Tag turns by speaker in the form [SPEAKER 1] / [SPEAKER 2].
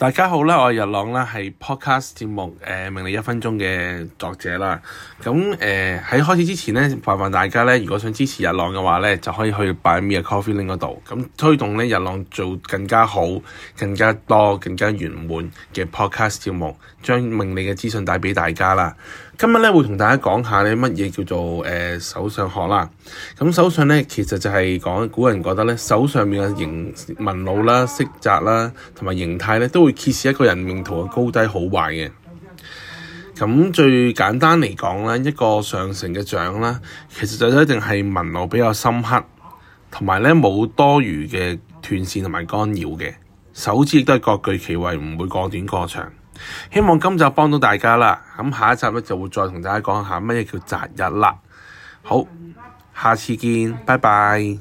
[SPEAKER 1] 大家好啦，我係日朗啦，係 podcast 節目誒命、呃、理一分鐘嘅作者啦。咁誒喺開始之前咧，麻煩大家咧，如果想支持日朗嘅話咧，就可以去 Buy Me A Coffee 嗰度，咁推動咧日朗做更加好、更加多、更加完滿嘅 podcast 節目，將命理嘅資訊帶俾大家啦。今日咧會同大家講下咧乜嘢叫做誒、呃、手相學啦。咁手相咧其實就係講古人覺得咧手上面嘅形紋路啦、色澤啦同埋形態咧都會。會揭示一個人命途嘅高低好壞嘅，咁最簡單嚟講咧，一個上乘嘅掌啦，其實就一定係紋路比較深刻，同埋咧冇多餘嘅斷線同埋干擾嘅，手指亦都係各具其位，唔會過短過長。希望今集幫到大家啦，咁下一集咧就會再同大家講下乜嘢叫擇日啦。好，下次見，拜
[SPEAKER 2] 拜。